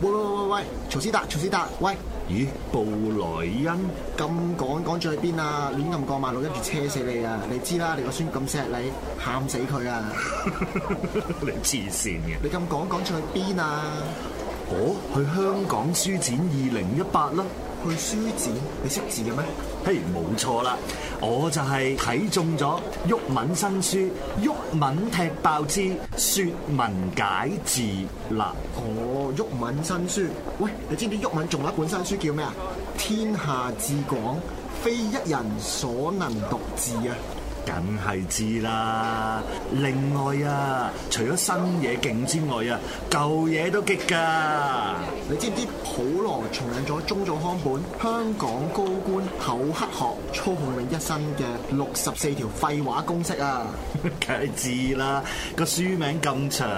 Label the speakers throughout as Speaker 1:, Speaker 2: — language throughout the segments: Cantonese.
Speaker 1: 喂喂喂喂喂，曹思達，曹思達，喂！咦，布來恩，咁趕趕咗去邊啊？亂咁過馬路，跟住車死你啊！你知啦，你個孫咁錫你，喊死佢啊！你黐線嘅！你咁趕趕咗去邊啊？哦，去香港書展二零一八啦！去書展，你識字嘅咩？嘿，冇錯啦，我就係睇中咗毓民新書《毓民踢爆之說文解字》啦。哦，毓民新書，喂，你知唔知毓民仲有一本新書叫咩啊？天下至廣，非一人所能讀字啊！梗係知啦！另外啊，除咗新嘢勁之外啊，舊嘢都激噶。你知唔知普羅重印咗中早康本《香港高官口黑學》，操控你一生嘅六十四條廢話公式啊？梗係知啦，個書名咁長，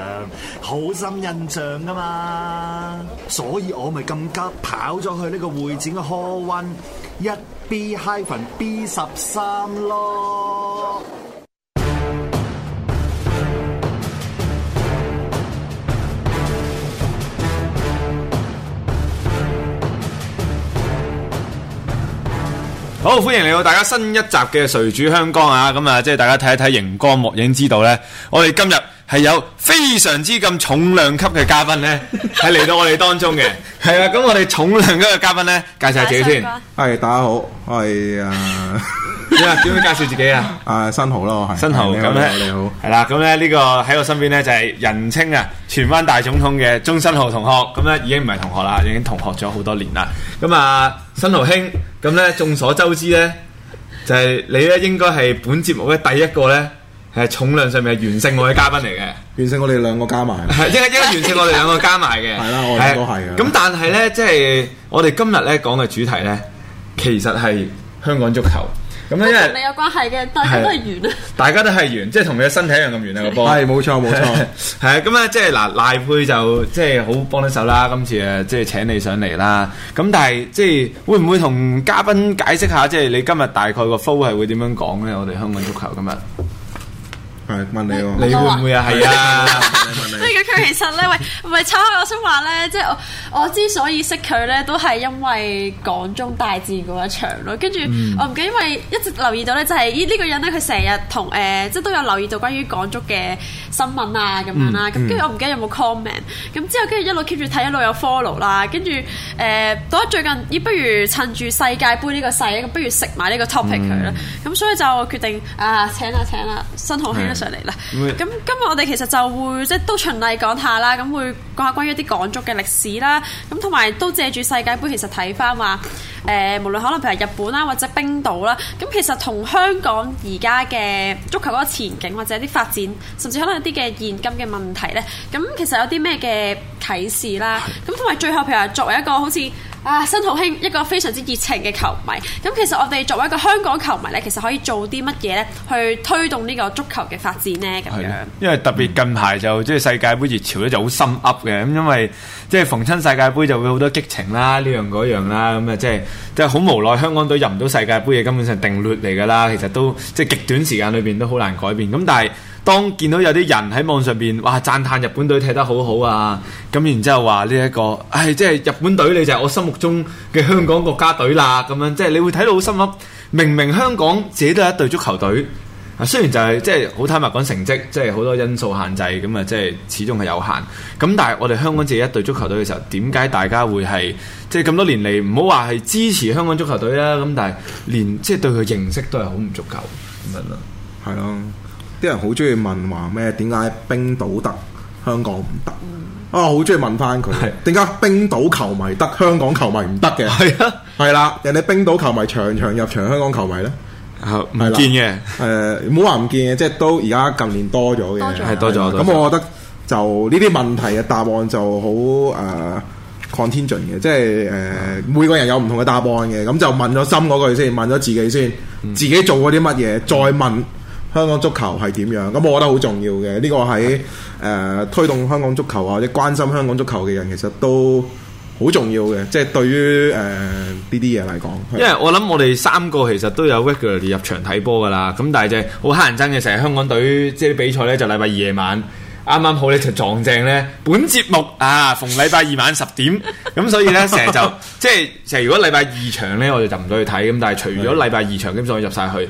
Speaker 1: 好深印象噶嘛。所以我咪咁急跑咗去呢個會展嘅 Hall One。一 B-hyphen B 十三咯！
Speaker 2: 好，歡迎嚟到大家新一集嘅誰主香江啊！咁啊，即係大家睇一睇熒光幕影之道咧，我哋今日。係有非常之咁重量級嘅嘉賓咧，係嚟到我哋當中嘅。係啊，咁我哋重量級嘅嘉賓咧，
Speaker 3: 介紹下自己先。係、哎，大家好，係、哎、啊，點啊？點樣介
Speaker 2: 紹自己啊？啊，燊
Speaker 3: 豪咯，係。燊豪，係，你好，你好，你
Speaker 2: 好。係啦，咁咧呢個喺我身邊咧就係人稱啊荃灣大總統嘅鍾燊豪同學，咁咧已經唔係同學啦，已經同學咗好多年啦。咁啊，燊豪兄，咁咧眾所周知咧，就係、是、你咧應該係本節目咧第一個咧。係重量上面係完勝我嘅嘉賓嚟嘅，完勝我哋兩個加埋，即係應該完勝我哋兩個加埋嘅，係啦， 我哋都係咁，但係咧，即係、 就是、我哋今日咧講嘅主題咧，其實係香港足球。咁咧、 就是，因為你有
Speaker 4: 關係嘅，大家都係圓，
Speaker 2: 大家都係圓，即係同你嘅身體一樣咁圓啊個波。係冇錯冇錯，係啊。咁咧，即係嗱，賴珮就即係好幫得手啦。今次誒，即係請你上嚟啦。咁但係即係會唔會同嘉賓解釋下，即、就、係、是、你今日大概個 flow 係會點樣講咧？我哋香港足球今日。問你喎，你會唔會啊？係啊，所以佢其實
Speaker 4: 咧，喂，唔係炒開我想話咧，即、就、係、是、我我之所以識佢咧，都係因為港中大戰嗰一場咯。跟住我唔記得，因為一直留意到咧，就係呢呢個人咧，佢成日同誒，即係都有留意到關於港足嘅新聞啊，咁樣啦。咁跟住我唔記得有冇 comment。咁之後跟住一路 keep 住睇，一路有 follow 啦。跟住誒，到咗、呃、最近，咦？不如趁住世界盃呢個勢，咁不如食埋呢個 topic 佢啦。咁所以就決定啊，請啦、啊、請啦、啊，燊豪兄上嚟啦，咁今日我哋其實就會即係都循例講下啦，咁會講下關於一啲港足嘅歷史啦，咁同埋都借住世界盃其實睇翻話，誒、呃、無論可能譬如日本啦或者冰島啦，咁其實同香港而家嘅足球嗰個前景或者啲發展，甚至可能有啲嘅現今嘅問題呢，咁其實有啲咩嘅啟示啦？咁同埋最後譬如話作為一個好似啊！燊豪兄一個非常之熱情嘅球迷，咁其實我哋作為一個香港球迷呢，其實可以做啲乜嘢呢？去推動呢個足球嘅發展呢？咁樣，
Speaker 2: 因為特別近排就、嗯、即係世界杯熱潮咧就好深噏嘅，咁因為即係逢親世界杯就會好多激情啦，呢樣嗰樣啦，咁啊即係即係好無奈，香港隊入唔到世界杯嘅根本上定律嚟噶啦，其實都即係極短時間裏邊都好難改變，咁但係。當見到有啲人喺網上邊，哇！讚歎日本隊踢得好好啊，咁然之後話呢一個，唉、哎，即係日本隊你就係我心目中嘅香港國家隊啦，咁樣即係你會睇到好心諗，明明香港自己都係一隊足球隊啊，雖然就係、是、即係好坦白講成績，即係好多因素限制，咁啊，即係始終係有限。咁但係我哋香港自己一隊足球隊嘅時候，點解大家會係即係咁多年嚟唔好話係支持香港足球隊啦，咁但係連即係對佢認識都係好唔足夠咁樣咯，係咯。啲人好中意問話咩？點解冰島得
Speaker 3: 香港唔得？嗯、啊，好中意問翻佢。點解是冰島球迷得香港球迷唔得嘅？係啊，係啦，人哋冰島球迷場場入場，香港球迷咧唔、啊、見嘅。誒，唔好話唔見嘅，即係都而家近年多咗嘅，係多咗。咁我覺得就呢啲問題嘅答案就好誒 contingent 嘅，即係誒、uh, 每個人有唔同嘅答案嘅。咁就問咗心嗰句先，問咗自己先，嗯、自己做過啲乜嘢，再問、嗯。再問香港足球係點樣咁，我覺得好重要嘅。呢個喺誒推動香港足球啊，或者關心香港足球嘅人，其實都好重要嘅。即係對於誒呢啲嘢嚟講，呃、因
Speaker 2: 為我諗我哋三個其實都有 regularly 入場睇波噶啦。咁但係就係好乞人憎嘅，成日香港隊即係比賽呢，就禮拜二夜晚，啱啱好呢，就撞正呢本節目啊，逢禮拜二晚十點。咁 所以呢成日就即係成日如果禮拜二場呢，我就入唔到去睇。咁但係除咗禮拜二場，基本上入晒去。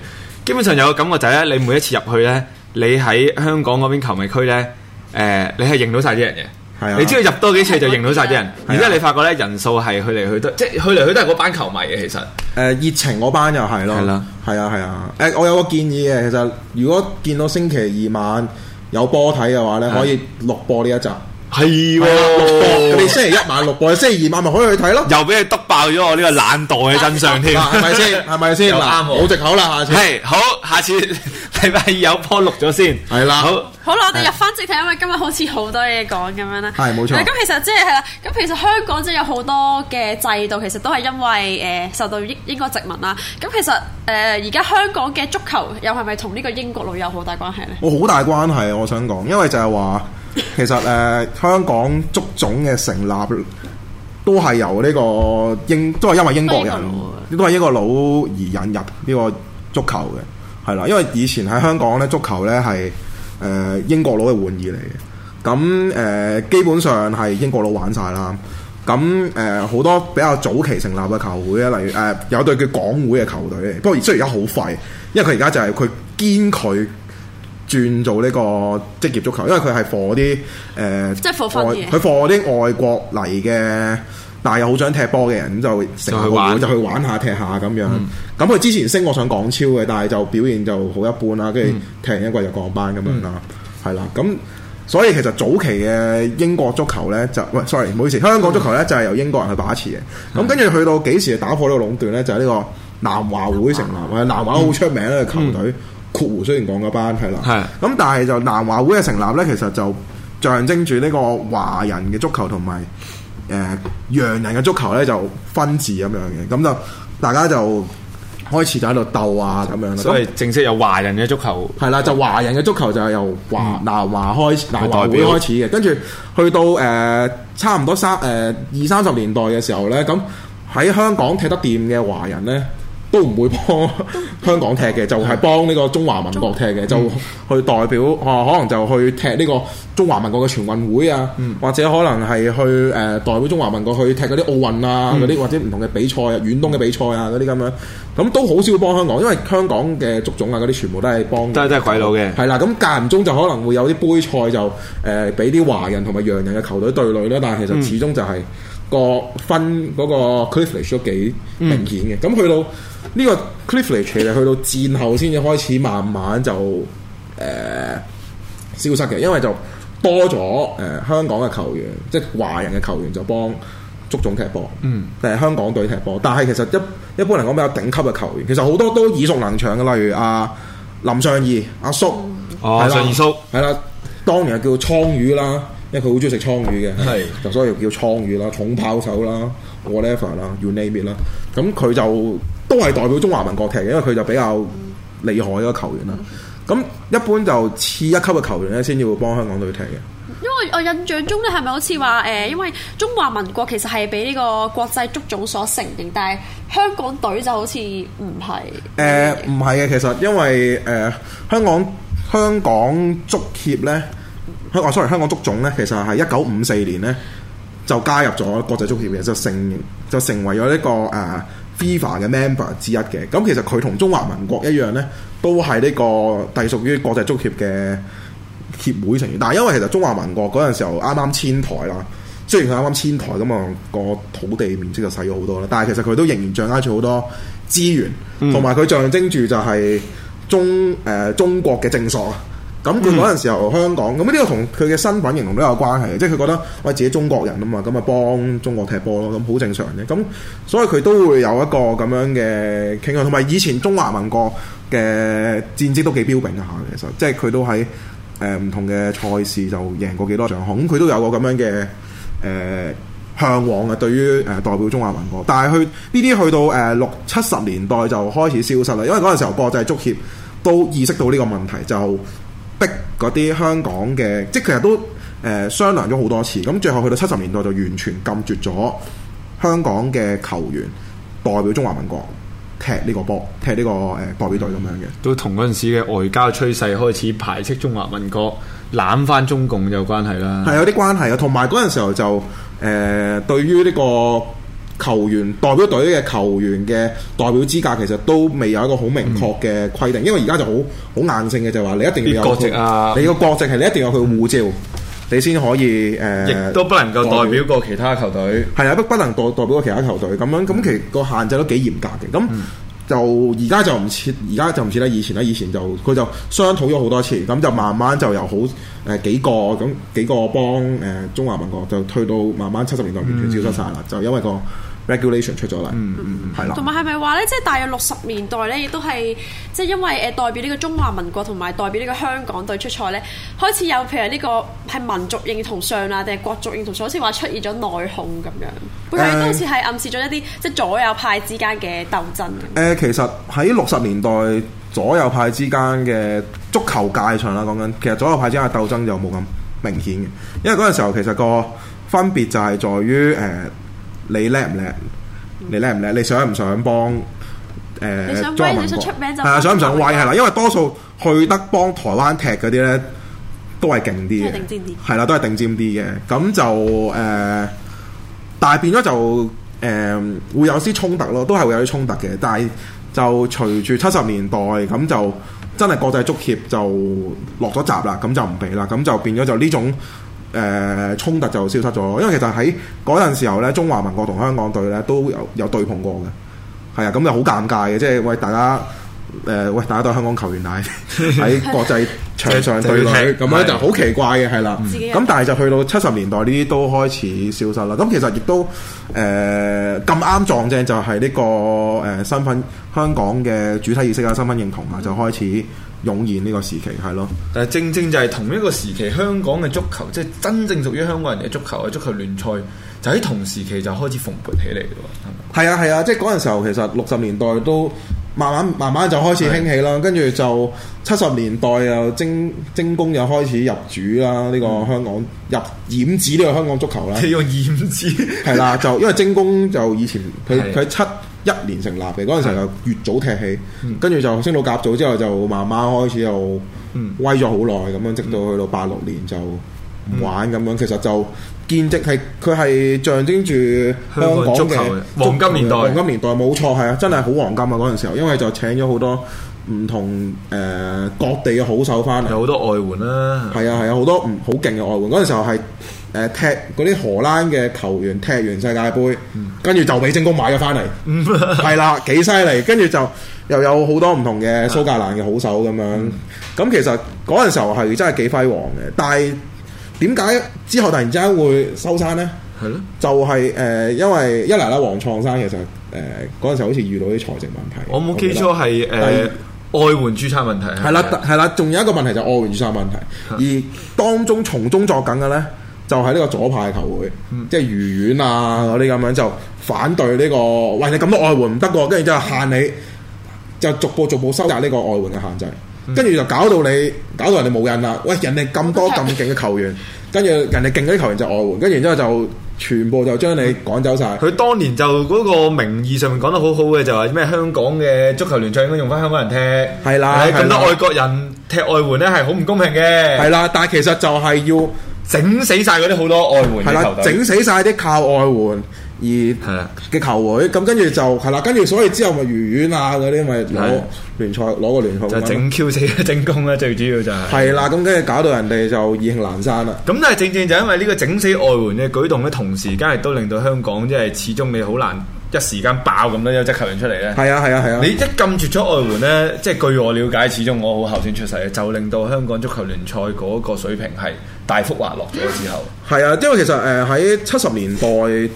Speaker 2: 基本上有個感覺就係咧，你每一次入去咧，你喺香港嗰邊球迷區咧，誒、呃，你係認到晒啲人嘅，係啊，你知道入多幾次就認到晒啲人，然之後你發覺咧，人數係去嚟去都，即係去嚟去都係嗰班球迷嘅，其實
Speaker 3: 誒、呃、熱情嗰班又係咯，係啦，係啊，係啊，誒、啊呃，我有個建議嘅，其實如果見到星期二晚有波睇嘅話咧，可以錄播呢一集。係喎，六波佢星期一晚六波，星期二晚咪可以去睇咯。又俾你篤
Speaker 2: 爆咗我呢個懶惰嘅真相添，係咪先？係咪先？好，直口好，啦，下次係好，下次禮拜二有波錄咗先，係啦。好，
Speaker 4: 好啦，我哋入翻正題，因為今日好似好多嘢講咁樣啦。係冇錯。咁其實即係啦，咁其實香港即係有好多嘅制度，其實都係因為誒受到英英國殖民啦。咁其實誒而家香港嘅足球又係咪同呢個英國佬有好大關係咧？
Speaker 3: 我好大關係，我想講，因為就係話。 其實誒、呃，香港足總嘅成立都係由呢個英，都係因為英國人，都係英國佬而引入呢個足球嘅，係啦。因為以前喺香港咧，足球咧係誒英國佬嘅玩意嚟嘅。咁誒、呃，基本上係英國佬玩晒啦。咁誒，好、呃、多比較早期成立嘅球會咧，例如誒、呃、有隊叫港會嘅球隊，不過雖然而家好廢，因為佢而家就係佢堅拒。轉做呢個職業足球，因為佢係俾啲誒，即係佢俾啲外國嚟嘅，但係又好想踢波嘅人，咁就成個會就去玩下，下、踢下咁樣。咁佢、嗯、之前升過上港超嘅，但係就表現就好一般啦。跟住踢完一季就降班咁、嗯、樣啦，係啦、嗯。咁所以其實早期嘅英國足球呢，就喂，sorry，唔好意思，香港足球呢、嗯、就係由英國人去把持嘅。咁跟住去到幾時打破呢個壟斷呢？就係、是、呢個南華會成立，南華好出名呢個球隊。嗯嗯雖然講嗰班係啦，咁的但係就南華會嘅成立咧，其實就象徵住呢個華人嘅足球同埋誒洋人嘅足球咧，就分治咁樣嘅，咁就大家就開始就喺度鬥啊咁樣啦。所以正
Speaker 2: 式有華人嘅足球係
Speaker 3: 啦，就華人嘅足球就係由華、嗯、南華開始，南華會會開始嘅，跟住去到誒、呃、差唔多三誒二三十年代嘅時候咧，咁喺香港踢得掂嘅華人咧。都唔會幫香港踢嘅，就係、是、幫呢個中華民國踢嘅，就去代表、啊、可能就去踢呢個中華民國嘅全運會啊，嗯、或者可能係去誒、呃、代表中華民國去踢嗰啲奧運啊嗰啲、嗯，或者唔同嘅比賽、啊、遠東嘅比賽啊嗰啲咁樣，咁都好少幫香港，因為香港嘅足總啊嗰啲全部都係幫人，都真係鬼佬嘅。係啦，咁間唔中就可能會有啲杯賽就誒俾啲華人同埋洋人嘅球隊對壘啦，但係其實始終就係、是。嗯個分嗰、那個 c l i f f l i c h 都幾明顯嘅，咁、嗯、去到呢個 c l i f f l i c h 其實去到戰後先至開始慢慢就誒、呃、消失嘅，因為就多咗誒、呃、香港嘅球員，即係華人嘅球員就幫足總踢波，誒、嗯、香港隊踢波。但係其實一一般嚟講比較頂級嘅球員，其實好多都耳熟能詳嘅，例如阿、啊、林尚義、阿、啊、叔，係啦、哦，阿叔係啦，當然係叫倉魚啦。因為佢好中意食倉魚嘅，是就所以叫倉魚啦、重炮手啦、whatever 啦、you name it 啦，咁佢就都係代表中華民國踢，嘅，因為佢就比較厲害一個球員啦。咁、嗯、一般就次一級嘅球員咧，先要幫香港隊踢嘅。
Speaker 4: 因為我，我印象中咧，係咪好似話誒？因為中華民國其實係被呢個國際足總所承認，但係香港隊就好似唔係。
Speaker 3: 誒唔係嘅，其實因為誒、呃、香港香港足協咧。香港雖然香港足總咧、這個 uh，其實係一九五四年咧就加入咗國際足協嘅，就成就成為咗呢個誒 FIFA 嘅 member 之一嘅。咁其實佢同中華民國一樣咧，都係呢、呢個隸屬於國際足協嘅協會成員。但係因為其實中華民國嗰陣時候啱啱遷台啦，雖然佢啱啱遷台咁啊、嗰個土地面積就細咗好多啦，但係其實佢都仍然掌握住好多資源，同埋佢象徵住就係中誒、呃、中國嘅正朔。啊。咁佢嗰陣時候香港，咁呢個同佢嘅身份形容都有關係，即係佢覺得喂，自己中國人啊嘛，咁啊幫中國踢波咯，咁好正常嘅。咁所以佢都會有一個咁樣嘅傾向，同埋以前中華民國嘅戰績都幾彪炳下，其實即係佢都喺誒唔同嘅賽事就贏過幾多場。咁、嗯、佢都有個咁樣嘅誒嚮往啊，對於誒、呃、代表中華民國。但係去呢啲去到誒、呃、六七十年代就開始消失啦，因為嗰陣時候國際足協都意識到呢個問題就。逼嗰啲香港嘅，即係其實都誒、呃、商量咗好多次，咁最後去到七十年代就完全禁絕咗香港嘅球
Speaker 2: 員代表中華民國踢呢個波，踢呢、呢個誒、呃、代表隊咁樣嘅、嗯，都同嗰陣時嘅外交趨勢開始排斥中華民國攬返中共有關係啦，係
Speaker 3: 有啲關係啊，同埋嗰陣時候就誒、呃、對於呢、呢個。球員代表隊嘅球員嘅代表資格其實都未有一個好明確嘅規定，嗯、因為而家就好好硬性嘅就話你，籍、啊、你，你一定要有國籍啊！你個國籍係你一定要有佢嘅護照，嗯、你先可以誒。亦、呃、都不能夠代表過其他球隊，係啊，不不能代代表過其他球隊咁樣咁，嗯、其實個限制都幾嚴格嘅。咁、嗯、就而家就唔似而家就唔似咧以前啦，以前就佢就商討咗好多次，咁就慢慢就由好誒、呃、幾個咁、呃、幾個幫誒、呃、中華民國就推到慢慢七十年代完全消失晒啦，嗯、就因為個。regulation 出咗嚟，嗯嗯嗯，係啦、嗯。同埋
Speaker 4: 係咪話咧，即係、就是、大約六十年代咧，亦都係即係因為誒、呃、代表呢個中華民國同埋代表呢個香港隊出賽咧，開始有譬如呢、這個係民族認同上啊，定係國族認同上，好似話出現咗內訌咁樣，佢都好似係暗示咗一啲即係左右派之間嘅鬥爭。誒、
Speaker 3: 呃，其實喺六十年代左右派之間嘅足球界上啦，講緊其實左右派之間嘅鬥爭就冇咁明顯嘅，因為嗰陣時候其實個分別就係在於誒。呃你叻唔叻？你叻唔叻？你想唔想幫？誒、呃，你想出名就係啊，想唔想威，係啦？因為多數去得幫台灣踢嗰啲咧，都係勁啲嘅，係啦，都係頂尖啲嘅。咁就誒、呃，但係變咗就誒、呃，會有啲衝突咯，都係會有啲衝突嘅。但係就隨住七十年代咁就真係國際足協就落咗閘啦，咁就唔俾啦，咁就變咗就呢種。誒、呃、衝突就消失咗，因為其實喺嗰陣時候咧，中華民國同香港隊咧都有有對碰過嘅，係啊，咁就好尷尬嘅，即係喂大家誒，喂、呃、大家都係香港球員但係喺 國際場上對壘，咁咧 就好、是、奇怪嘅，係啦。咁但係就去到七十年代呢啲都開始消失啦。咁、嗯嗯、其實亦都誒咁啱撞正就係呢個誒身份，香港嘅主體意識啊，身份認同啊，就開始，
Speaker 2: 湧現呢個時期係咯，但係正正就係同一個時期，香港嘅足球，即係真正屬於香港人嘅足球嘅足球聯賽就喺同時期就開始蓬勃起嚟咯，係咪？係啊係啊，即
Speaker 3: 係嗰陣時候，其實六十年代都慢慢慢慢就開始興起啦，跟住是、啊、就七十年代啊，精精工又開始入主啦，呢、這個香港、嗯、入染指呢個香港足球咧，用、
Speaker 1: 啊、染指係啦，
Speaker 3: 就因為精工就以前佢佢是、啊、七。一年成立嘅，嗰陣時候就越早踢起，跟住、嗯、就升到甲組之後，就慢慢開始又威咗好耐，咁樣直到去到八六年就唔玩咁、嗯、樣，其實就見證係佢係象徵住香港嘅黃金年代，黃金年代冇錯，係啊，真係好黃金啊！嗰陣時候，因為就請咗好多唔同誒、呃、各地嘅好手翻嚟，有好多外援啦，係啊，係啊，好多唔好勁嘅外援，嗰陣時候係。誒，踢嗰啲荷蘭嘅球員踢完世界杯，跟住就俾精工買咗翻嚟，係啦，幾犀利。跟住就又有好多唔同嘅蘇格蘭嘅好手咁樣。咁其實嗰陣時候係真係幾輝煌嘅。但係點解之後突然之間會收山呢？就係誒，因為一嚟咧，黃創山其實誒嗰陣時候好似遇到啲財政問題。
Speaker 2: 我冇記錯係誒外援注冊問題。係啦，
Speaker 3: 係啦，仲有一個問題就係外援注冊問題。而當中從中作梗嘅呢。就係呢個左派球會，嗯、即係魚丸啊嗰啲咁樣就反對呢、呢個，喂，你咁多外援唔得喎，跟住就限你，就逐步逐步收窄呢個外援嘅限制，跟住、嗯、就搞到你，搞到人哋冇癮啦。喂，人哋咁多咁勁嘅球員，跟住
Speaker 2: 人哋勁嗰啲球員就外援，跟住然之後就全部就將你趕走晒。佢、嗯、當年就嗰個名義上面講得好好嘅，就係咩香港嘅足球聯賽應該用翻香港人踢，係啦，咁多外國人踢外援咧係好唔公平嘅，係啦。但係其實就係要。整死晒嗰啲好多外援係啦，整死
Speaker 3: 晒啲靠外援而嘅球會，咁跟住就係啦，跟住所以之後咪如院啊嗰啲咪攞聯賽攞個聯賽。的聯就整
Speaker 2: Q 死個進攻咧，最主要就係、係。係
Speaker 3: 啦，咁跟住搞到人哋就意興闌珊啦。
Speaker 2: 咁但係正正就因為呢個整死外援嘅舉動咧，同時今日都令到香港即係始終你好難。一時間爆咁多優質球員出嚟呢？係
Speaker 3: 啊係啊係啊！啊啊你一
Speaker 2: 禁絕咗外援呢，即係據我了解，始終我好後先出世，就令到香港足球聯賽嗰個水平係大幅滑落咗之後。
Speaker 3: 係啊，因為其實誒喺七十年代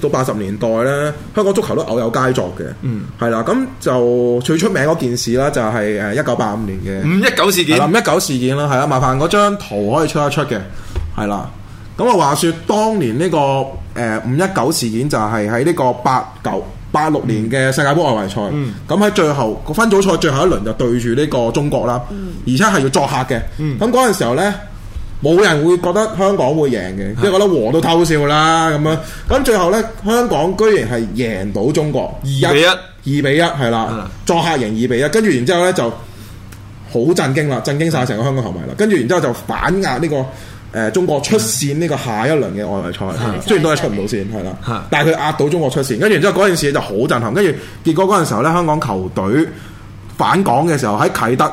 Speaker 3: 到八十年代呢，香港足球都偶有佳作嘅。嗯，係啦、啊，咁就最出名嗰件事啦，就係誒一九八五年嘅五一九事件。啊、五一九事件啦，係啊，麻煩嗰張圖可以出一出嘅，係啦。咁啊，話説當年呢、呢個誒、呃、五一九事件就係喺呢個八九。八六年嘅世界杯外圍賽，咁喺、嗯、最後個分組賽最後一輪就對住呢個中國啦，而且係要作客嘅。咁嗰陣時候呢，冇人會覺得香港會贏嘅，即係的覺得和都偷笑啦咁樣。咁最後呢，香港居然係贏到中國二比一，二比一係啦，作客贏二比一，跟住然之後咧就好震驚啦，震驚晒成個香港球迷啦。跟住然之後就反壓呢、這個。誒、呃、中國出線呢個下一輪嘅外圍賽，嗯啊、雖然都係出唔到線，係啦、啊，啊、但係佢壓到中國出線。跟住之後嗰陣時就好震撼。跟住結果嗰陣時候咧，香港球隊返港嘅時候喺啟德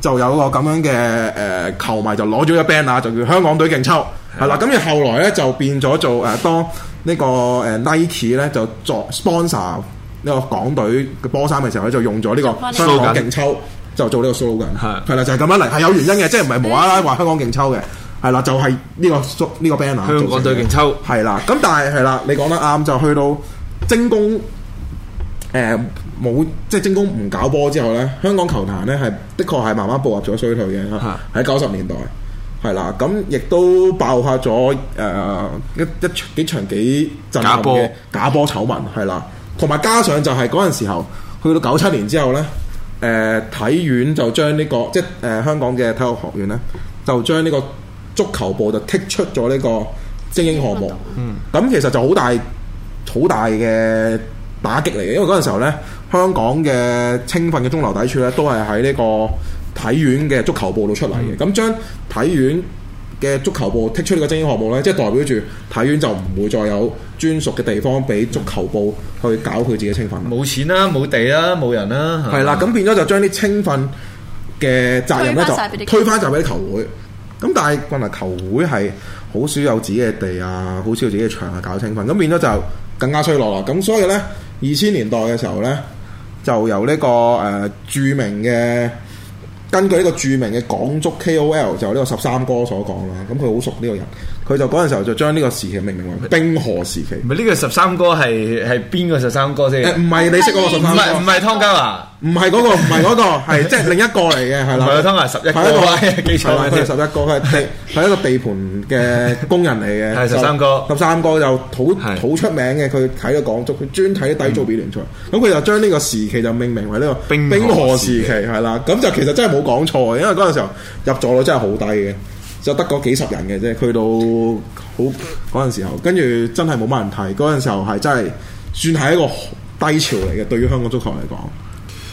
Speaker 3: 就有個咁樣嘅誒、呃、球迷就攞咗一 band 啊，就叫香港隊勁揪係啦。咁住、啊嗯、後來咧就變咗做誒當個呢個誒 Nike 咧就作 sponsor 呢個港隊嘅波衫嘅時候，佢就用咗呢個香港勁揪就做呢個 slogan 係係啦、啊啊，就係、是、咁樣嚟，係有原因嘅，即係唔係無啦啦話香港勁揪嘅。係啦，就係、是、呢、這個呢、這個 banner，香港最勁揪。係啦，咁但係係啦，你講得啱，就去到精工，誒、呃、冇即係精工唔搞波之後咧，香港球壇咧係的確係慢慢步入咗衰退嘅。喺九十年代，係啦，咁亦都爆發咗誒一一幾場幾震撼嘅假波，假波醜聞係啦，同埋加上就係嗰陣時候，去到九七年之後咧，誒、呃、體院就將呢、這個即係誒、呃、香港嘅體育學院咧，就將呢、這個。足球部就剔出咗呢個精英項目，咁、嗯、其實就好大好大嘅打擊嚟嘅，因為嗰陣時候呢，香港嘅青訓嘅中流砥柱呢，都係喺呢個體院嘅足球部度出嚟嘅。咁將的體院嘅足球部剔出呢個精英項目呢，即係代表住體院就唔會再有專屬嘅地方俾足球部去搞佢自己青訓。冇
Speaker 2: 錢啦、啊，冇地啦、啊，冇人啦、啊，係啦。咁
Speaker 3: 變咗就將啲青訓嘅責任呢，就推翻曬俾啲球會。咁但係，原來球會係好少有自己嘅地啊，好少有自己嘅場啊，搞青訓，咁變咗就更加衰落啦。咁所以呢，二千年代嘅時候呢，就由呢、這個誒、呃、著名嘅，根據呢個著名嘅港足 KOL 就呢個十三哥所講啦。咁佢好熟呢個人。佢就嗰陣時候就將呢個時期命名為冰河時期。
Speaker 2: 唔係呢個十三哥係係邊個十三哥先？唔係你識嗰個十三哥？唔係唔係湯家驊？唔係嗰個，唔係嗰個，即係另一個嚟嘅，係啦。唔係湯加，係十一個。係一個記錯，十一
Speaker 3: 哥，佢係地一個地盤嘅工人嚟嘅。係十三哥，十三哥就好好出名嘅。佢睇咗港足，佢專睇低組比聯賽。咁佢就將呢個時期就命名為呢個冰冰河時期，係啦。咁就其實真係冇講錯，因為嗰陣時候入座率真係好低嘅。就得嗰幾十人嘅啫，去到好嗰陣時候，跟住真係冇乜人睇。嗰陣時候係真係算係一個低潮嚟嘅，對於香港足球嚟講。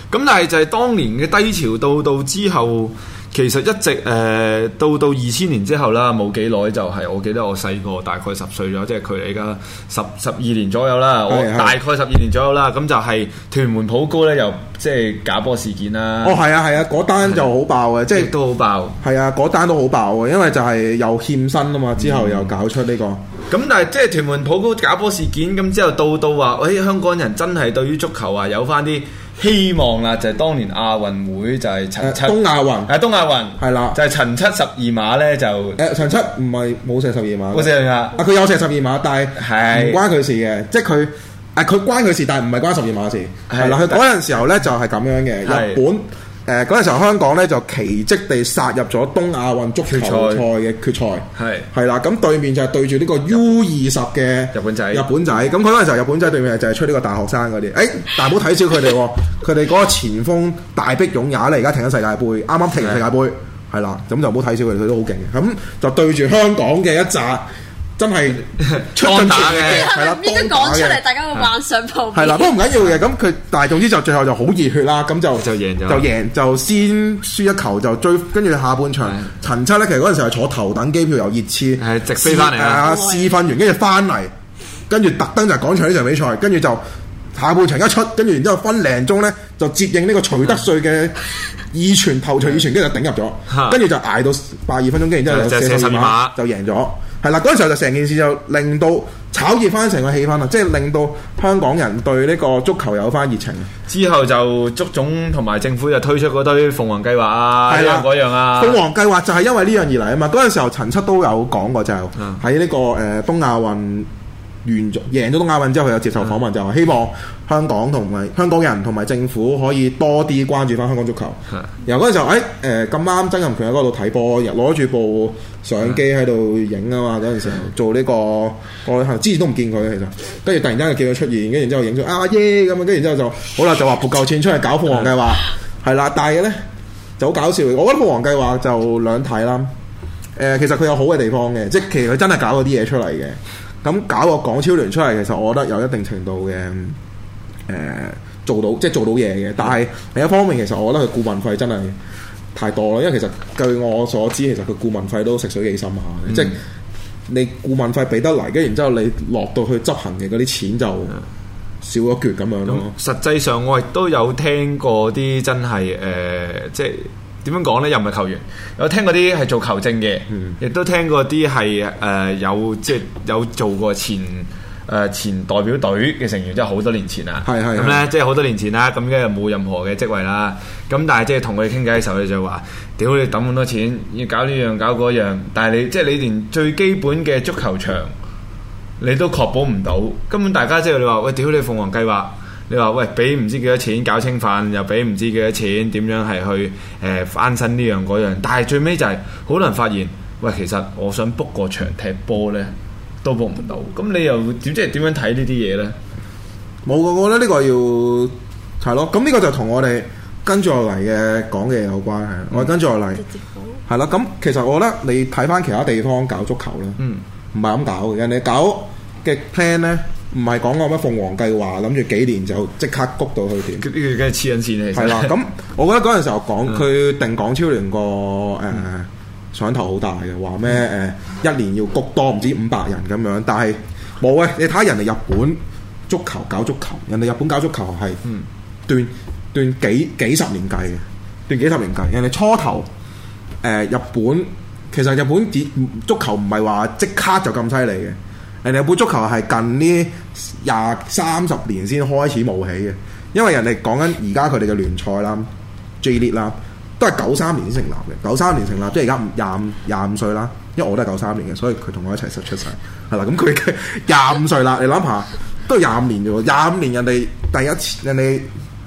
Speaker 2: 咁但係就係當年嘅低潮到到之後。其實一直誒、呃、到到二千年之後啦，冇幾耐就係、是、我記得我細個大概十歲咗，即係距離而家十十二年左右啦，我大概十二年左右啦，咁是是 就係屯門普高呢，又即係假波事件啦。哦，係
Speaker 3: 啊，係啊，嗰單就好爆嘅，即係、啊就是、都好爆。係啊，嗰單都好爆嘅，因為就係又欠薪啊嘛，之後又搞出呢、這個。
Speaker 2: 咁、嗯嗯、但係即係屯門普高假波事件咁之後到到話，喂、哎、香港人真係對於足球啊有翻啲。希望啦，就係、是、當年亞運會就係陳七、呃、東亞運，係、啊、東亞運，係啦的，就係陳七十二碼咧就
Speaker 3: 誒、呃、陳七唔係冇射十二碼，冇射㗎，啊佢有射十二碼，但係係唔關佢事嘅，即係佢啊佢關佢事，但係唔係關十二碼事，係啦的，佢嗰陣時候咧就係咁樣嘅的日本。誒嗰時候，香港咧就奇蹟地殺入咗東亞運足球賽嘅決賽，係係啦。咁的對面就係對住呢個 U 二十嘅日本仔，日本仔。咁嗰陣時候，日本仔對面就係出呢個大學生嗰啲。誒、欸，但係唔好睇小佢哋，佢哋嗰個前鋒大迫勇也咧，而家停咗世界盃，啱啱停世界盃，係啦的。咁就唔好睇小佢哋，佢都好勁嘅。咁就對住香港嘅一陣。真係出盡全力，係啦，應該講出嚟，大家會是幻想。曝
Speaker 4: 光係啦，不過唔
Speaker 3: 緊要嘅，咁佢的但係總之就最後就好熱血啦，咁就就贏咗，就贏，就，贏就先輸一球就追，跟住下半場的陳七咧，其實嗰陣時係坐頭等機票又熱刺，
Speaker 2: 係直飛翻嚟啦，
Speaker 3: 試訓完跟住翻嚟，跟住特登就趕場呢場比賽，跟住就。下半場一出，跟住然之後分零鐘呢，就接應呢個徐德瑞嘅二傳投傳二傳，跟住就頂入咗，跟住 就捱到八二分鐘，跟住然之後就射入十二碼就， 就贏咗。係啦，嗰陣時候就成件事就令到炒熱翻成個氣氛啊，即係令到香港人對呢個足球有翻熱情。
Speaker 2: 之後就足總同埋政府就推出嗰堆鳳凰計劃啊，呢樣嗰樣啊。鳳凰
Speaker 3: 計劃就係因為呢樣而嚟啊嘛。嗰陣時候陳七都有講過就喺呢個呃東亞運。完咗贏咗東亞運之後，佢又接受訪問，就話、是、希望香港同埋香港人同埋政府可以多啲關注翻香港足球。 然後嗰陣時候，誒誒咁啱曾蔭權喺嗰度睇波，攞住部相機喺度影啊嘛。嗰陣時候做呢、這個我、嗯、之前都唔見佢嘅，其實跟住突然之間又見佢出現，跟住之後影咗阿阿爺咁啊，跟住之後就好啦，就話撥夠錢出嚟搞鳳凰計劃，係啦。 但係咧就好搞笑，我覺得鳳凰計劃就兩睇啦。誒、呃，其實佢有好嘅地方嘅，即係其實佢真係搞咗啲嘢出嚟嘅。咁搞個港超聯出嚟，其實我覺得有一定程度嘅誒、呃、做到，即係做到嘢嘅。但係另一方面，其實我覺得佢顧問費真係太多咯，因為其實據我所知，其實佢顧問費都食水幾深下、嗯、即係你顧問費俾得嚟，跟然之後你落到去執行嘅嗰啲錢就少咗缺咁樣咯。
Speaker 2: 實際上我亦都有聽過啲真係誒、呃，即係。點樣講呢？又唔係球員，有聽過啲係做球證嘅，亦、嗯、都聽過啲係誒有即係有做過前誒、呃、前代表隊嘅成員，即係好多年前啊。係係咁呢，即係好多年前啦。咁依家又冇任何嘅職位啦。咁但係即係同佢哋傾偈嘅時候就，就話，屌你抌咁多錢，要搞呢樣搞嗰樣。但係你即係你連最基本嘅足球場，你都確保唔到。根本大家即係你話，喂，屌你鳳凰計劃！你話喂，俾唔知幾多錢搞清飯，又俾唔知幾多錢點樣係去誒、呃、翻身呢樣嗰樣？但係最尾就係好難發現，喂，其實我想 book 個場踢波咧都 book 唔到。咁你又點即係點樣睇呢啲嘢咧？冇，我覺得呢個
Speaker 3: 要係咯。咁呢個就同我哋跟住落嚟嘅講嘅嘢有關係。嗯、我跟住落嚟，係啦、嗯。咁其實我覺得你睇翻其他地方搞足球咧，嗯，唔係咁搞嘅。人哋搞嘅 plan 咧。唔係講過咩鳳凰計劃，諗住幾年就即刻谷到去點？呢啲梗係黐緊線嚟。係啦，咁我覺得嗰陣時候講，佢定港超聯個誒上頭好大嘅，話咩誒一年要谷多唔止五百人咁樣，但係冇啊！你睇人哋日本足球搞足球，人哋日本搞足球係斷斷幾幾十年計嘅，斷幾十年計。人哋初頭誒、呃、日本其實日本點足球唔係話即刻就咁犀利嘅。人哋杯足球係近呢廿三十年先開始冒起嘅，因為人哋講緊而家佢哋嘅聯賽啦、J-League 啦，都係九三年成立嘅。九三年成立，即係而家廿五廿五歲啦。因為我都係九三年嘅，所以佢同我一齊十出世係啦。咁佢廿五歲啦，你諗下都廿五年啫，廿五年人哋第一次人哋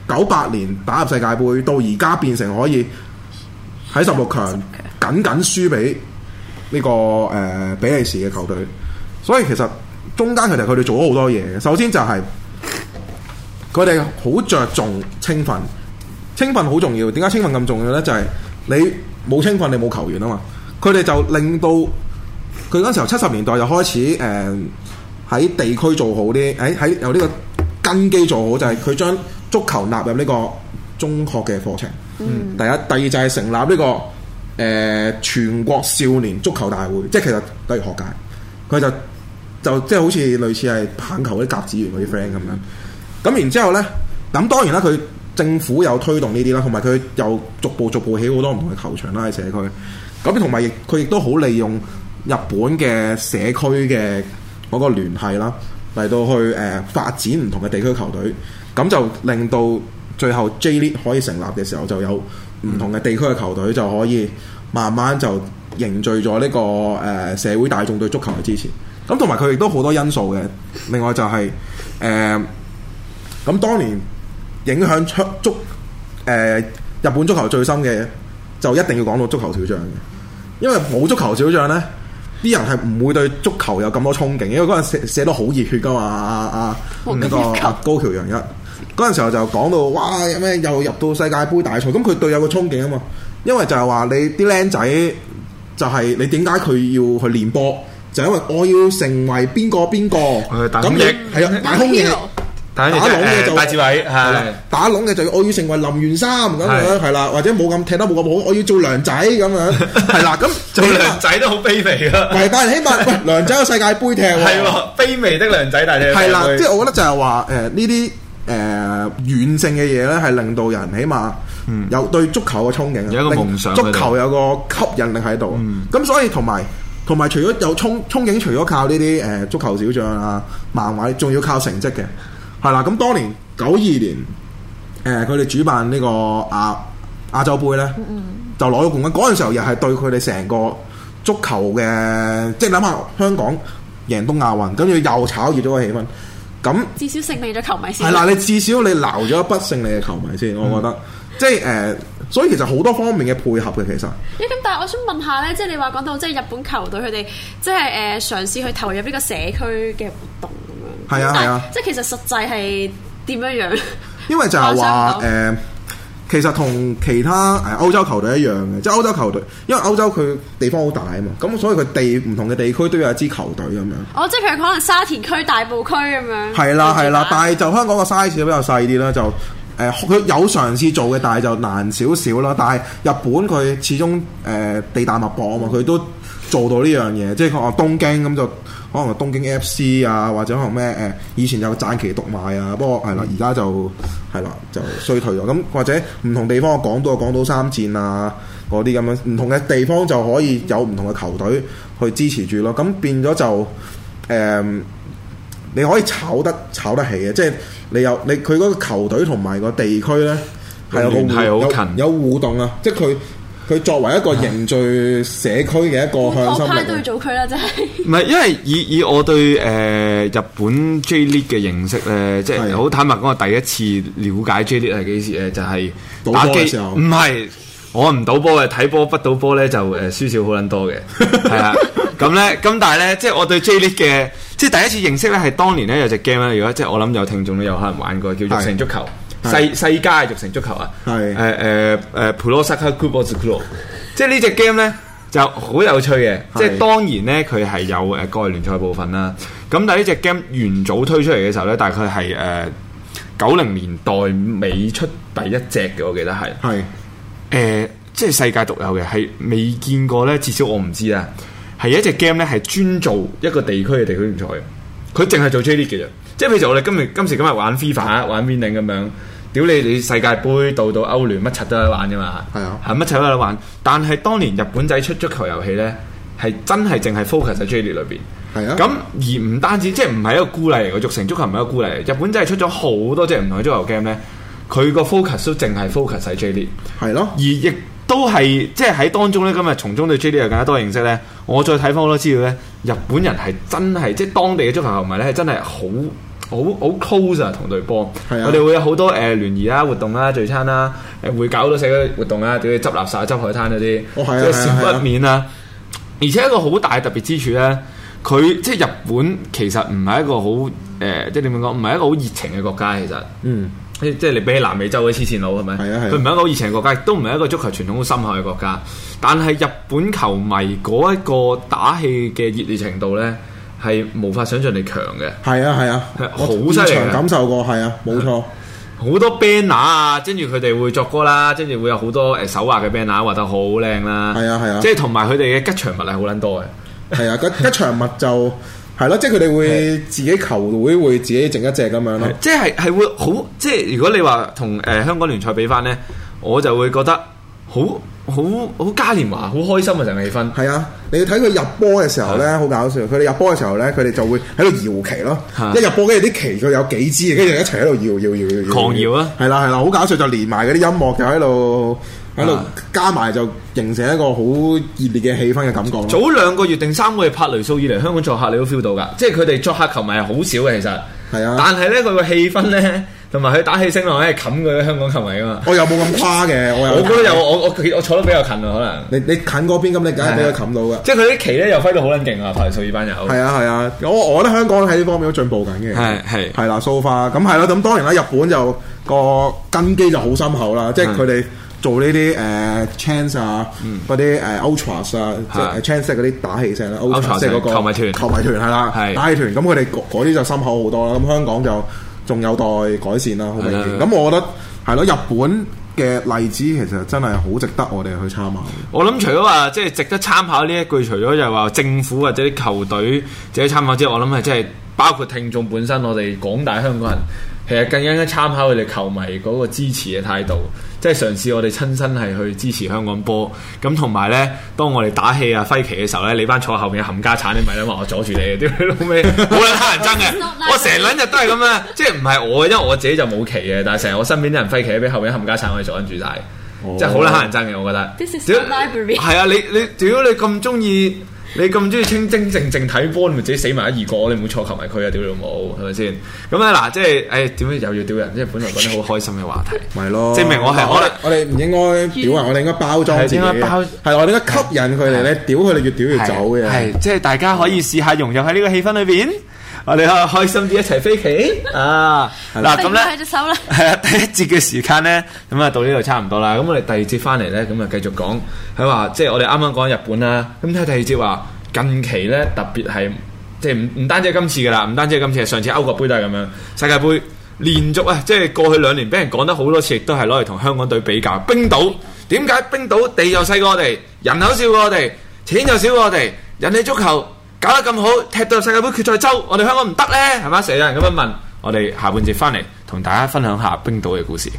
Speaker 3: 九八年打入世界杯，到而家變成可以喺十六強僅僅輸俾呢、這個誒、呃、比利時嘅球隊。所以其實中間其實佢哋做咗好多嘢嘅，首先就係佢哋好着重青訓，青訓好重要。點解青訓咁重要呢？就係、是、你冇青訓，你冇球員啊嘛。佢哋就令到佢嗰時候七十年代就開始誒喺、呃、地區做好啲，喺、呃、喺有呢個根基做好，就係、是、佢將足球納入呢個中學嘅課程。第、嗯、一，嗯、第二就係成立呢、這個誒、呃、全國少年足球大會，即係其實例如學界佢就。就即係好似類似係棒球啲甲子園嗰啲 friend 咁樣。咁然之後呢，咁當然啦，佢政府有推動呢啲啦，同埋佢又逐步逐步起好多唔同嘅球場啦，喺社區咁。同埋，佢亦都好利用日本嘅社區嘅嗰個聯繫啦，嚟到去誒、呃、發展唔同嘅地區球隊。咁就令到最後 J League 可以成立嘅時候，就有唔同嘅地區嘅球隊就可以慢慢就凝聚咗呢、呢個誒、呃、社會大眾對足球嘅支持。咁同埋佢亦都好多因素嘅，另外就係、是、誒，咁、呃、當年影響足誒日本足球最深嘅，就一定要講到足球小將嘅，因為冇足球小將呢，啲人係唔會對足球有咁多憧憬，因為嗰陣寫寫得好熱血噶嘛，阿阿阿嗰個高橋陽一，嗰陣時候就講到哇，有咩又入到世界杯大賽，咁佢對有個憧憬啊嘛，因為就係話你啲僆仔就係、是、你點解佢要去練波？就因為我要成為邊個邊個，咁亦係啊，打空嘢，打籠嘅就戴志偉係啦，打籠嘅就要我要成為林源三咁樣係啦，或者冇咁踢得冇咁好，我要做梁仔咁樣係啦，
Speaker 2: 咁做梁仔都好卑微啊！唔係但起碼喂梁仔世界杯踢係，卑微的梁仔，大係啦，即係我
Speaker 3: 覺得就係話誒呢啲誒軟性嘅嘢咧，係令到人起碼有對足球嘅憧憬，有個夢想，足球有個吸引力喺度，咁所以同埋。同埋除咗有憧憧憬，除咗靠呢啲誒足球小將啊，漫畫，仲要靠成績嘅係啦。咁當年九二年誒，佢、呃、哋主辦呢、呢個亞、啊、亞洲杯咧，嗯嗯，就攞咗冠軍。嗰陣時候又係對佢哋成個足球嘅，即係諗下香港贏東亞運，跟住又炒熱咗個氣氛。咁
Speaker 4: 至少勝利咗球迷先係啦。你至
Speaker 3: 少你留咗一筆勝利嘅球迷先，嗯、我覺得即係誒。呃所以其實好多方面嘅配合嘅，其實。
Speaker 4: 咦？咁但係我想問下咧，即係你話講到即係日本球隊佢哋即係誒、呃、嘗試去投入呢個社區嘅活動
Speaker 3: 咁係啊係啊，但啊
Speaker 4: 即係其實實際係點樣樣？
Speaker 3: 因為就係話誒，其實同其他誒歐洲球隊一樣嘅，即係歐洲球隊，因為歐洲佢地方好大啊嘛，咁、嗯、所以佢地唔同嘅地區都有一支球隊咁樣。
Speaker 4: 哦，即係譬如可能沙田區、大埔區咁樣。係
Speaker 3: 啦係啦，但係就香港個 size 比較細啲啦，就。誒佢、呃、有嘗試做嘅，但係就難少少啦。但係日本佢始終誒、呃、地大物博啊嘛，佢都做到呢樣嘢。即係佢話東京咁，就可能東京 FC 啊，或者可能咩誒以前有個賺旗讀賣啊。不過係啦，而家就係啦，就衰退咗。咁或者唔同地方嘅廣島、廣島三箭啊，嗰啲咁樣唔同嘅地方就可以有唔同嘅球隊去支持住咯。咁變咗就誒。呃你可以炒得炒得起嘅，即係你有你佢嗰個球隊同埋個地區咧，係聯繫好近，有互動啊！即係佢佢
Speaker 2: 作為一個凝
Speaker 3: 聚社區嘅一個
Speaker 2: 向心力派都要
Speaker 4: 組區啦，真、就、係、是。
Speaker 2: 唔係，因為以以我對誒、呃、日本 J League 嘅認識咧，即係好坦白講，的我第一次了解 J League 係幾時誒？就係、是、打機嘅時候。唔係，我唔賭波嘅，睇波不賭波咧就誒輸少好撚多嘅。係啦 是的，咁咧咁但係咧，即係我對 J League 嘅。即係第一次認識咧，係當年咧有隻 game 咧，如果即係我諗有聽眾都有可能玩過，叫《做「城足球世世界嘅「城足球》啊。係，誒誒誒 Pro Evolution Soccer 即係呢隻 game 咧就好有趣嘅。是即係當然咧，佢係有誒各聯賽部分啦。咁但係呢隻 game 元祖推出嚟嘅時候咧，大概係誒九零年代尾出第一隻嘅，我記得係係誒，即係世界獨有嘅，係未見過咧。至少我唔知啊。係一隻 game 咧，係專做一個地區嘅地區聯賽嘅。佢淨係做 J 聯賽嘅啫。即係，譬如，我哋今日今時今日玩 FIFA 玩 Winning 咁樣，屌你你世界盃到到歐聯乜柒都有得玩噶嘛。係是啊，係乜柒都有得玩。但係當年日本仔出足球遊戲咧，係真係淨係 focus 喺 J 聯賽裏邊。係是啊。咁而唔單止，即係唔係一個孤例嚟，做成足球唔係一個孤例嚟。日本仔係出咗好多隻唔同嘅足球 game 咧，佢個 focus 都淨係 focus 喺 J 聯賽。係咯。而亦都係，即係喺當中咧，今日從中對 J 聯賽有更加多認識咧。我再睇翻好多知料咧，日本人係真係即係當地嘅足球球迷咧，係真係好好好 close 啊，同隊幫。對啊、我哋會有好多誒、呃、聯誼啦、啊、活動啦、聚餐啦，誒會搞好多社區活動啊，比如執垃圾、執海灘嗰啲，哦啊、即係少不免啊。啊啊而且一個好大特別之處咧、啊，佢即係日本其實唔係一個好誒、呃，即係點講？唔係一個好熱情嘅國家其實。嗯即係你比起南美洲嗰啲黐線佬係咪？佢唔係一個好熱情嘅國家，亦都唔係一個足球傳統好深厚嘅國家。但係日本球迷嗰一個打氣嘅熱烈程度咧，係無法想象力強嘅。係啊係啊，我現場感
Speaker 3: 受過，係啊冇錯，
Speaker 2: 好多 banner 啊，跟住佢哋會作歌啦，跟住會有好多誒手畫嘅 banner 畫得好靚啦。係啊係啊，即係同埋佢哋嘅吉祥物係好撚多嘅。
Speaker 3: 係啊吉吉祥物就。係咯，即係佢哋會自己球會的會自己整一隻咁樣咯。
Speaker 2: 即係係會好，即係如果你話同誒香港聯賽比翻咧，我就會覺得好好好嘉年華，好開心啊！成個氣氛係啊，你要睇佢入波嘅時候咧，好的搞笑。佢哋入波嘅時候
Speaker 3: 咧，佢哋就會喺度搖旗咯。的一入波跟住啲旗佢有幾支，跟住一齊喺度搖搖搖搖搖。狂搖啊！係啦係啦，好搞笑，就連埋嗰啲音樂就喺度。喺度加埋就
Speaker 2: 形成一個好熱烈嘅氣氛嘅感覺。早兩個月定三個月拍雷素以嚟，香港作客你都 feel 到噶，即係佢哋作客球迷係好少嘅，其實係啊。但係咧佢個氣氛咧，同埋佢打氣聲浪咧，冚佢香港球迷噶嘛。我
Speaker 3: 又冇咁誇嘅，我又我覺得又
Speaker 2: 我我坐得比較近啊，可能
Speaker 3: 你你近嗰邊咁，你梗係俾佢冚到噶。
Speaker 2: 即係佢啲旗咧又揮到好捻勁啊！拍雷素班友係啊
Speaker 3: 係啊，我我覺得香港喺呢方面都進步緊嘅。係係係啦，數化咁係咯，咁當然啦，日本就個根基就好深厚啦，即係佢哋。做呢啲誒 chance 啊，嗰啲誒 Ultras 啊，是啊即係、uh, c h a n c e 嗰啲打氣聲啦，Ultras 球迷團，球迷團係啦，啊是啊、打氣團，咁佢哋嗰啲就深厚好多啦。咁香港就仲有待改善啦，好明顯。咁是、啊、我覺得係咯、啊，日本嘅例子其實真係好值得我哋去參考是、啊我。
Speaker 2: 我諗除咗話即係值得參考呢一句，除咗就係話政府或者啲球隊值得參考之外，我諗係即係包括聽眾本身，我哋廣大香港人其實更應該參考佢哋球迷嗰個支持嘅態度。即係嘗試我哋親身係去支持香港波，咁同埋咧，當我哋打氣啊、揮旗嘅時候咧，你班坐後面嘅冚家鏟你咪咧話我阻住你嘅屌你老味，好撚乞人憎嘅！我成兩日都係咁樣，即係唔係我，因為我自己就冇旗嘅，但係成日我身邊啲人揮旗俾後面冚家鏟我哋阻住曬，oh. 即係好撚乞人憎嘅，我覺得。This is not library 果。係 啊，你你屌你咁中意。你咁中意清清淨淨睇波，你咪自己死埋一二個，你唔好錯及埋佢啊？屌你老母，係咪先？咁咧嗱，即係誒，點樣又要屌人？即係本來講得好開心嘅話題，係咯？證明我係可能，我哋唔應該屌人，我哋應
Speaker 3: 該包裝自己，係應該包，
Speaker 2: 係我哋應該吸引佢哋咧，的屌佢哋越屌越走嘅，係即係大家可以試下融入喺呢個氣氛裏邊。我哋可以開心啲一齊飛棋 啊！嗱咁咧，係啊， 第一節嘅時間咧，咁啊到呢度差唔多啦。咁我哋第二節翻嚟咧，咁啊繼續講。佢話即係我哋啱啱講日本啦。咁睇第二節話，近期咧特別係，即係唔唔單止今次噶啦，唔單止今次，上次歐國杯都係咁樣。世界杯連續啊，即係過去兩年俾人講得好多次，亦都係攞嚟同香港隊比較。冰島點解冰島地又細過我哋，人口少過我哋，錢又少過我哋，引起足球。搞得咁好，踢到世界杯決賽周，我哋香港唔得呢？係咪成日有人咁樣問， 我哋下半節翻嚟同大家分享下冰島嘅故事。